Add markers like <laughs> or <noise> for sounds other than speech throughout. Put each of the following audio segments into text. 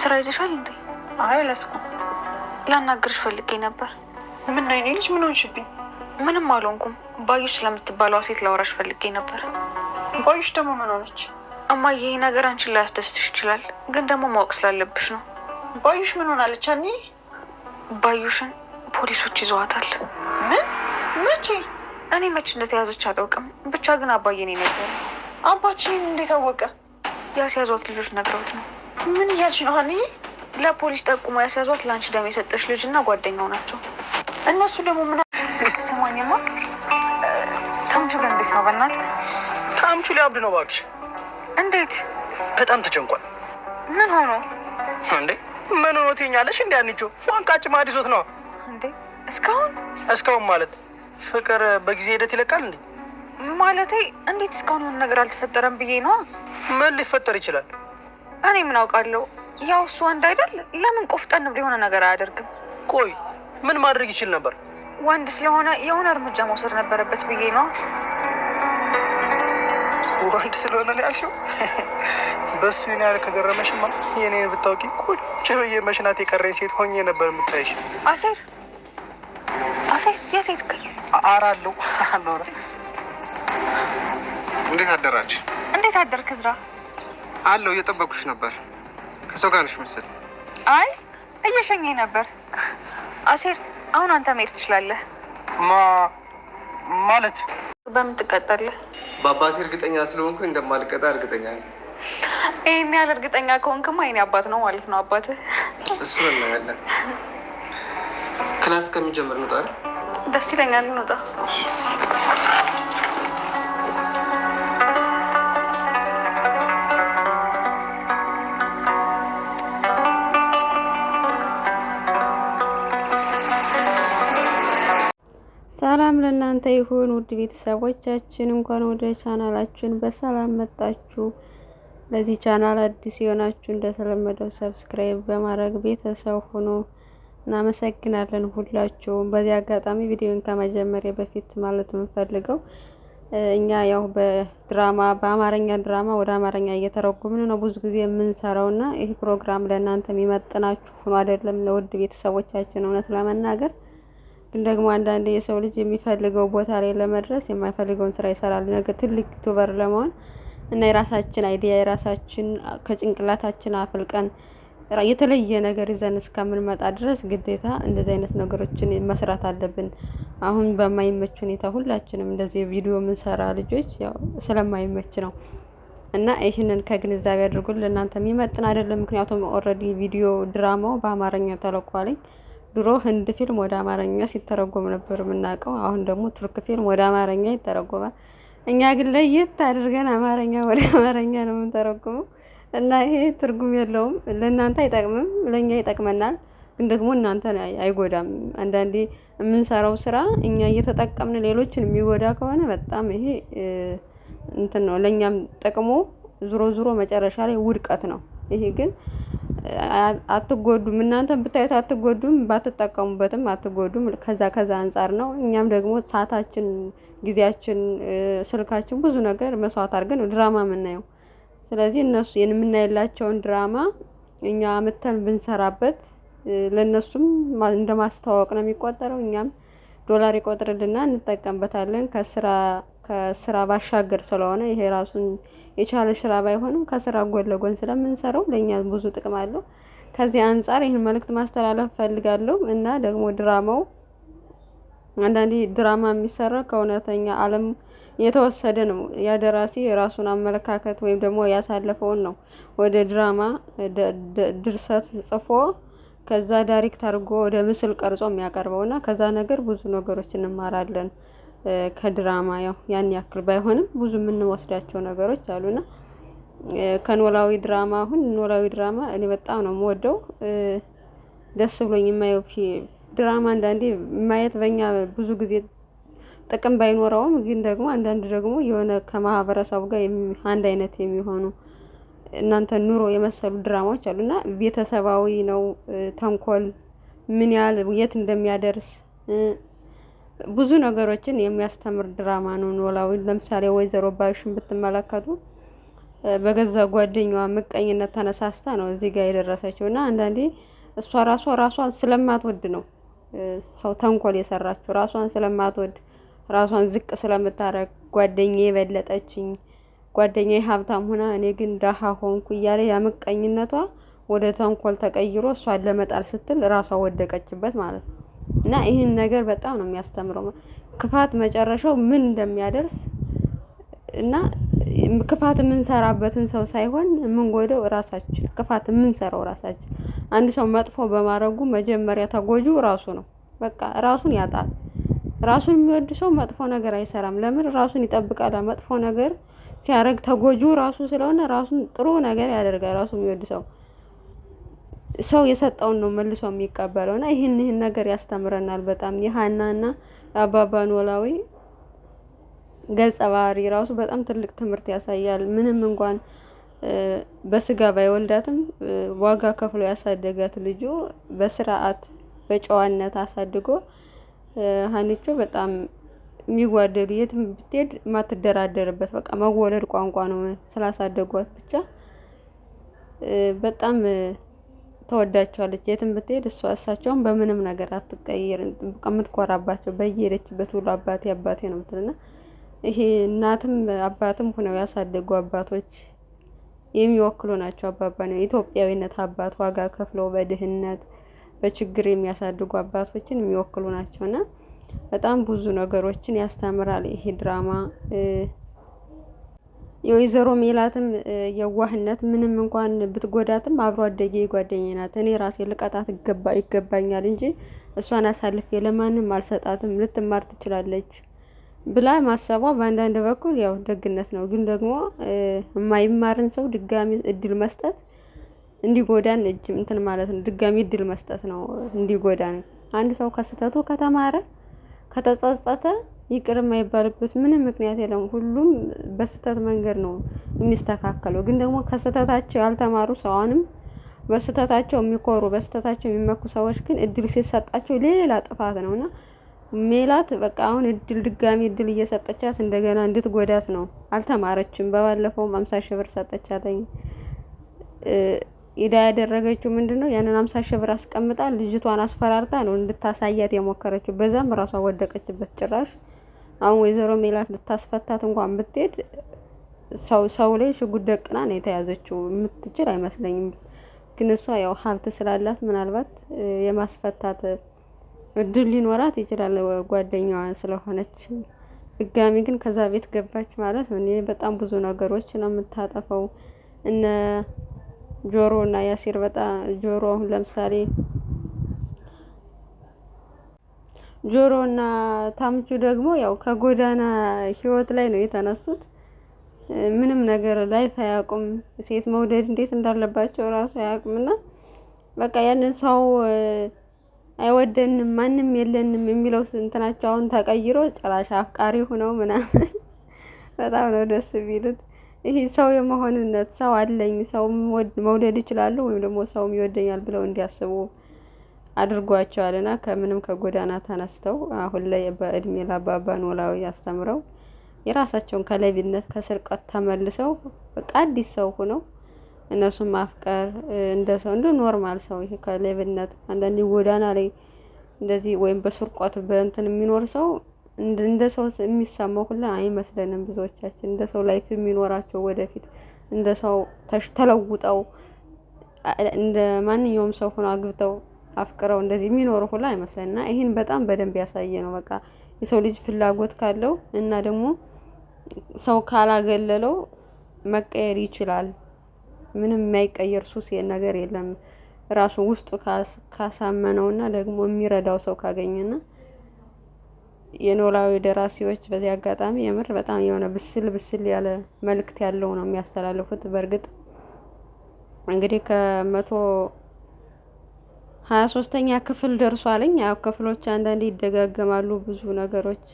ስራ ይዘሻል እንዴ? አይ ለስኩ ላናግርሽ ፈልጌ ነበር። ምን ነው የኔ ልጅ ምን ሆንሽብኝ? ምንም አልሆንኩም። ባዩሽ ስለምትባለዋ ሴት ላወራሽ ፈልጌ ነበር። ባዩሽ ደግሞ ምን ሆነች? እማዬ ይሄ ነገር አንቺን ላያስደስትሽ ይችላል፣ ግን ደግሞ ማወቅ ስላለብሽ ነው። ባዩሽ ምን ሆናለች? አኒ ባዩሽን ፖሊሶች ይዘዋታል። ምን? መቼ? እኔ መቼ እንደተያዘች አላውቅም፣ ብቻ ግን አባዬ እኔ አባችን አባትሽን እንዴት አወቀ? ያስያዟት ልጆች ነግረውት ነው ምን እያልሽ ነው ሀኒ? ለፖሊስ ጠቁሞ ያስያዟት ለአንቺ ደም የሰጠች ልጅ እና ጓደኛው ናቸው። እነሱ ደግሞ ምን ስማኝማ፣ ታምቹ ግን እንዴት ነው? በናት ታምቹ ሊያብድ ነው እባክሽ። እንዴት? በጣም ተጨንቋል። ምን ሆኖ እንዴ? ምን ሆኖ ትኛለሽ? እንዲ አንቺው ፏንቃጭ ማዲሶት ይዞት ነው እንዴ? እስካሁን እስካሁን ማለት ፍቅር በጊዜ ሂደት ይለቃል እንዴ? ማለቴ እንዴት እስካሁን የሆነ ነገር አልተፈጠረም ብዬ ነው። ምን ሊፈጠር ይችላል? እኔ ምን አውቃለሁ? ያው እሱ ወንድ አይደል? ለምን ቆፍጠን ብሎ የሆነ ነገር አያደርግም? ቆይ ምን ማድረግ ይችል ነበር? ወንድ ስለሆነ የሆነ እርምጃ መውሰድ ነበረበት ብዬ ነው። ወንድ ስለሆነ ነው ያልሽው? በሱ ይህን ያህል ከገረመሽማ የኔን ብታውቂ ቁጭ ብዬ መሽናት የቀረኝ ሴት ሆኜ ነበር የምታይሽ። አሴር አሴር፣ የት ሄድክ? አራለሁ አኖረ። እንዴት አደራች? እንዴት አደርክ ዝራ? አለው እየጠበኩሽ ነበር። ከሰው ጋር ነሽ አይ እየሸኘኝ ነበር። አሴር፣ አሁን አንተ መሄድ ትችላለህ። ማ ማለት በምን በአባቴ እርግጠኛ ስለሆንኩ እንደማልቀጣ እርግጠኛ ነኝ። ይህን ያህል እርግጠኛ ከሆንክማ የእኔ አባት ነው ማለት ነው። አባትህ እሱ እናያለን። ክላስ ከሚጀምር እንውጣ። ደስ ይለኛል፣ እንውጣ። ሰላም ለእናንተ ይሁን ውድ ቤተሰቦቻችን፣ እንኳን ወደ ቻናላችን በሰላም መጣችሁ። ለዚህ ቻናል አዲስ የሆናችሁ እንደተለመደው ሰብስክራይብ በማድረግ ቤተሰብ ሁኑ። እናመሰግናለን ሁላችሁም። በዚህ አጋጣሚ ቪዲዮን ከመጀመሪያ በፊት ማለት የምንፈልገው እኛ ያው በድራማ በአማርኛ ድራማ ወደ አማርኛ እየተረጎምን ነው ብዙ ጊዜ የምንሰራውና ይህ ፕሮግራም ለእናንተ የሚመጥናችሁ ሆኖ አይደለም ለውድ ቤተሰቦቻችን እውነት ለመናገር ግን ደግሞ አንዳንድ የሰው ልጅ የሚፈልገው ቦታ ላይ ለመድረስ የማይፈልገውን ስራ ይሰራል። ነገ ትልቅ ዩቱበር ለመሆን እና የራሳችን አይዲያ የራሳችን ከጭንቅላታችን አፍልቀን የተለየ ነገር ይዘን እስከምንመጣ ድረስ ግዴታ እንደዚህ አይነት ነገሮችን መስራት አለብን። አሁን በማይመች ሁኔታ ሁላችንም እንደዚህ ቪዲዮ የምንሰራ ልጆች ያው ስለማይመች ነው እና ይህንን ከግንዛቤ አድርጉ። ለእናንተ የሚመጥን አይደለም። ምክንያቱም ኦልሬዲ ቪዲዮ ድራማው በአማርኛ ተለቋልኝ ድሮ ህንድ ፊልም ወደ አማርኛ ሲተረጎም ነበር የምናውቀው። አሁን ደግሞ ቱርክ ፊልም ወደ አማርኛ ይተረጎማል። እኛ ግን ለየት አድርገን አማርኛ ወደ <laughs> አማርኛ ነው የምንተረጉመው እና ይሄ ትርጉም የለውም። ለእናንተ አይጠቅምም፣ ለእኛ ይጠቅመናል። ግን ደግሞ እናንተ አይጎዳም። አንዳንዴ የምንሰራው ስራ እኛ እየተጠቀምን ሌሎችን የሚጎዳ ከሆነ በጣም ይሄ እንትን ነው፣ ለእኛም ጠቅሞ ዙሮ ዙሮ መጨረሻ ላይ ውድቀት ነው። ይሄ ግን አትጎዱም። እናንተ ብታዩት አትጎዱም፣ ባትጠቀሙበትም አትጎዱም። ከዛ ከዛ አንጻር ነው። እኛም ደግሞ ሰዓታችን፣ ጊዜያችን፣ ስልካችን ብዙ ነገር መስዋዕት አድርገን ድራማ የምናየው። ስለዚህ እነሱ የምናየላቸውን ድራማ እኛ ምተን ብንሰራበት ለእነሱም እንደ ማስተዋወቅ ነው የሚቆጠረው እኛም ዶላር ይቆጥርልና እንጠቀምበታለን። ከስራ ከስራ ባሻገር ስለሆነ ይሄ ራሱን የቻለ ስራ ባይሆንም ከስራ ጎን ለጎን ስለምንሰራው ለእኛ ብዙ ጥቅም አለው። ከዚህ አንጻር ይህን መልእክት ማስተላለፍ ፈልጋለሁ እና ደግሞ ድራማው አንዳንዴ ድራማ የሚሰራ ከእውነተኛ ዓለም የተወሰደ ነው። ያ ደራሲ የራሱን አመለካከት ወይም ደግሞ ያሳለፈውን ነው ወደ ድራማ ድርሰት ጽፎ ከዛ ዳይሬክት አድርጎ ወደ ምስል ቀርጾ የሚያቀርበው እና ከዛ ነገር ብዙ ነገሮች እንማራለን። ከድራማ ያው ያን ያክል ባይሆንም ብዙ የምንወስዳቸው ነገሮች አሉና ከኖላዊ ድራማ አሁን ኖላዊ ድራማ እኔ በጣም ነው የምወደው፣ ደስ ብሎኝ የማየው ድራማ። አንዳንዴ ማየት በኛ ብዙ ጊዜ ጥቅም ባይኖረውም ግን ደግሞ አንዳንድ ደግሞ የሆነ ከማህበረሰቡ ጋር አንድ አይነት የሚሆኑ እናንተ ኑሮ የመሰሉ ድራማዎች አሉና ቤተሰባዊ ነው። ተንኮል ምን ያህል የት እንደሚያደርስ ብዙ ነገሮችን የሚያስተምር ድራማ ነው ኖላዊ። ለምሳሌ ወይዘሮ ባዩሽን ብትመለከቱ በገዛ ጓደኛዋ ምቀኝነት ተነሳስታ ነው እዚህ ጋር የደረሰችው እና አንዳንዴ እሷ ራሷ ራሷን ስለማትወድ ነው ሰው ተንኮል የሰራችው ራሷን ስለማትወድ ራሷን ዝቅ ስለምታደርግ ጓደኛ የበለጠችኝ ጓደኛዬ ሀብታም ሆና እኔ ግን ደሃ ሆንኩ እያለ ያመቀኝነቷ ወደ ተንኮል ተቀይሮ እሷን ለመጣል ስትል ራሷ ወደቀችበት ማለት ነው። እና ይህን ነገር በጣም ነው የሚያስተምረው ክፋት መጨረሻው ምን እንደሚያደርስ እና ክፋት የምንሰራበትን ሰው ሳይሆን የምንጎደው ራሳችን፣ ክፋት የምንሰራው ራሳችን። አንድ ሰው መጥፎ በማድረጉ መጀመሪያ ተጎጁ ራሱ ነው። በቃ ራሱን ያጣል። ራሱን የሚወድ ሰው መጥፎ ነገር አይሰራም። ለምን? ራሱን ይጠብቃል። መጥፎ ነገር ሲያደርግ ተጎጁ ራሱ ስለሆነ ራሱን ጥሩ ነገር ያደርጋል። ራሱ የሚወድ ሰው ሰው የሰጠውን ነው መልሶ የሚቀበለው እና ይህን ይህን ነገር ያስተምረናል በጣም የሀናና የአባባ ኖላዊ ገጸ ባህሪ ራሱ በጣም ትልቅ ትምህርት ያሳያል። ምንም እንኳን በስጋ ባይወልዳትም ዋጋ ከፍሎ ያሳደጋት ልጁ በስርዓት በጨዋነት አሳድጎ ሀኒቾ በጣም የሚዋደዱ የትም ብትሄድ ማትደራደርበት በቃ መወለድ ቋንቋ ነው። ስላሳደጓት ብቻ በጣም ተወዳቸዋለች። የትም ብትሄድ እሷ እሳቸውን በምንም ነገር አትቀይር፣ የምትኮራባቸው በየሄደችበት ሁሉ አባቴ አባቴ ነው ምትልና ይሄ እናትም አባትም ሆነው ያሳደጉ አባቶች የሚወክሉ ናቸው። አባባ ነው ኢትዮጵያዊነት አባት ዋጋ ከፍለው በድህነት በችግር የሚያሳድጉ አባቶችን የሚወክሉ ናቸውና በጣም ብዙ ነገሮችን ያስተምራል ይሄ ድራማ። የወይዘሮ ሜላትም የዋህነት ምንም እንኳን ብትጎዳትም አብሮ አደጌ ጓደኛ ናት፣ እኔ ራሴ ልቀጣት ይገባኛል እንጂ እሷን አሳልፌ ለማንም አልሰጣትም፣ ልትማር ትችላለች ብላ ማሰቧ በአንዳንድ በኩል ያው ደግነት ነው። ግን ደግሞ የማይማርን ሰው ድጋሚ እድል መስጠት እንዲጎዳን እጅ እንትን ማለት ነው። ድጋሚ እድል መስጠት ነው እንዲጎዳን። አንድ ሰው ከስህተቱ ከተማረ ከተጸጸተ ይቅር የማይባልበት ምንም ምክንያት የለም። ሁሉም በስህተት መንገድ ነው የሚስተካከለው። ግን ደግሞ ከስህተታቸው ያልተማሩ ሰውንም በስህተታቸው የሚኮሩ በስህተታቸው የሚመኩ ሰዎች ግን እድል ሲሰጣቸው ሌላ ጥፋት ነው እና ሜላት በቃ አሁን እድል ድጋሚ እድል እየሰጠቻት እንደገና እንድትጎዳት ነው። አልተማረችም። በባለፈውም አምሳ ሺህ ብር ሰጠቻት። ኢዳ ያደረገችው ምንድን ነው? ያንን አምሳ ሺህ ብር አስቀምጣ ልጅቷን አስፈራርታ ነው እንድታሳያት የሞከረችው። በዛም ራሷ ወደቀችበት። ጭራሽ አሁን ወይዘሮ ሜላት ልታስፈታት እንኳን ብትሄድ ሰው ሰው ላይ ሽጉጥ ደቅና ነው የተያዘችው። የምትችል አይመስለኝም። ግን እሷ ያው ሀብት ስላላት ምናልባት የማስፈታት እድል ሊኖራት ይችላል፣ ጓደኛዋ ስለሆነች። ድጋሚ ግን ከዛ ቤት ገባች ማለት በጣም ብዙ ነገሮች ነው የምታጠፈው እነ ጆሮ እና ያሲር በጣም ጆሮ አሁን ለምሳሌ ጆሮ እና ታምቹ ደግሞ ያው ከጎዳና ህይወት ላይ ነው የተነሱት። ምንም ነገር ላይፍ አያውቁም። ሴት መውደድ እንዴት እንዳለባቸው እራሱ አያውቁምና በቃ ያንን ሰው አይወደንም ማንም የለንም የሚለው እንትናቸው አሁን ተቀይሮ ጭራሽ አፍቃሪ ሆነው ምናምን በጣም ነው ደስ የሚሉት። ይሄ ሰው የመሆንነት ሰው አለኝ ሰው መውደድ ይችላሉ ወይም ደግሞ ሰውም ይወደኛል ብለው እንዲያስቡ አድርጓቸዋል እና ከምንም ከጎዳና ተነስተው አሁን ላይ በእድሜ ለአባባ ኖላዊ አስተምረው የራሳቸውን ከለቢነት ከስርቀት ተመልሰው በቃ አዲስ ሰው ሆነው እነሱ ማፍቀር እንደ ሰው እንደ ኖርማል ሰው ይሄ ከሌብነት አንዳንዴ ጎዳና ላይ እንደዚህ ወይም በስርቆት በእንትን የሚኖር ሰው እንደ ሰው የሚሰማው ሁላ አይመስለንም። ብዙዎቻችን እንደ ሰው ላይፍ የሚኖራቸው ወደፊት እንደ ሰው ተለውጠው እንደ ማንኛውም ሰው ሆኖ አግብተው አፍቅረው እንደዚህ የሚኖሩ ሁሉ አይመስለን እና ይህን በጣም በደንብ ያሳየ ነው። በቃ የሰው ልጅ ፍላጎት ካለው እና ደግሞ ሰው ካላገለለው መቀየር ይችላል። ምንም የማይቀየር ሱስ ነገር የለም። ራሱ ውስጡ ካሳመነውና ደግሞ የሚረዳው ሰው ካገኘና የኖላዊ ደራሲዎች በዚህ አጋጣሚ የምር በጣም የሆነ ብስል ብስል ያለ መልእክት ያለው ነው የሚያስተላልፉት። በእርግጥ እንግዲህ ከመቶ ሀያ ሶስተኛ ክፍል ደርሷልኝ። ያው ክፍሎች አንዳንድ ይደጋገማሉ፣ ብዙ ነገሮች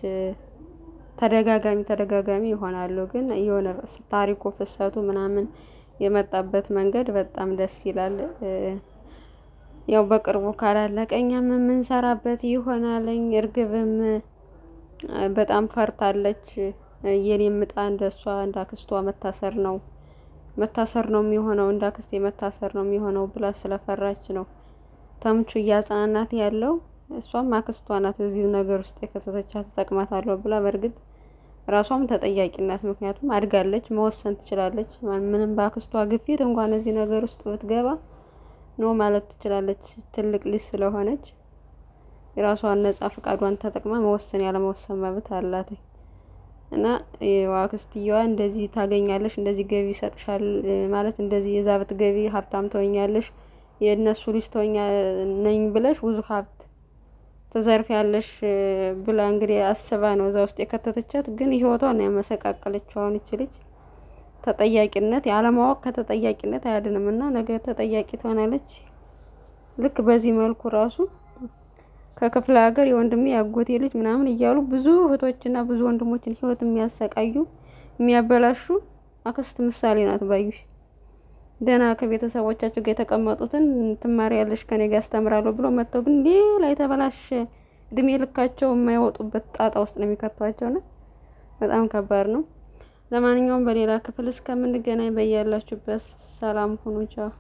ተደጋጋሚ ተደጋጋሚ ይሆናሉ። ግን የሆነ ታሪኩ ፍሰቱ ምናምን የመጣበት መንገድ በጣም ደስ ይላል። ያው በቅርቡ ካላለቀ እኛም የምንሰራበት ይሆናልኝ እርግብም በጣም ፈርታለች። የኔ ምጣ እንደሷ እንዳክስቷ መታሰር ነው መታሰር ነው የሚሆነው እንዳክስቴ መታሰር ነው የሚሆነው ብላ ስለፈራች ነው ተምቹ እያጽናናት ያለው። እሷም አክስቷ ናት እዚህ ነገር ውስጥ የከተተቻ ትጠቅማታለሁ ብላ በእርግጥ ራሷም ተጠያቂ ምክንያቱም አድጋለች፣ መወሰን ትችላለች። ምንም በአክስቷ ግፊት እንኳን እዚህ ነገር ውስጥ ብትገባ ኖ ማለት ትችላለች፣ ትልቅ ልጅ ስለሆነች የራሷን ነጻ ፈቃዷን ተጠቅማ መወሰን ያለመወሰን መብት አላት እና አክስትየዋ እንደዚህ ታገኛለሽ፣ እንደዚህ ገቢ ይሰጥሻል ማለት እንደዚህ የዛበት ገቢ ሀብታም ትሆኛለሽ፣ የእነሱ ልጅ ትሆኛ ነኝ ብለሽ ብዙ ሀብት ተዘርፊያለሽ ብላ እንግዲህ አስባ ነው እዛ ውስጥ የከተተቻት። ግን ህይወቷን ያመሰቃቀለችው አሁን ይች ልጅ ተጠያቂነት ያለማወቅ ከተጠያቂነት አያድንም እና ነገ ተጠያቂ ትሆናለች። ልክ በዚህ መልኩ ራሱ ከክፍለ ሀገር የወንድሜ ያጎቴ ልጅ ምናምን እያሉ ብዙ እህቶችና ብዙ ወንድሞችን ህይወት የሚያሰቃዩ የሚያበላሹ አክስት ምሳሌ ናት ባዩሽ። ደህና ከቤተሰቦቻቸው ጋር የተቀመጡትን ትማሪያለሽ ከኔ ጋር አስተምራለሁ ብሎ መጥተው ግን ሌላ የተበላሸ እድሜ ልካቸው የማይወጡበት ጣጣ ውስጥ ነው የሚከቷቸው። ነው በጣም ከባድ ነው። ለማንኛውም በሌላ ክፍል እስከምንገናኝ በያላችሁበት ሰላም ሁኑ። ቻው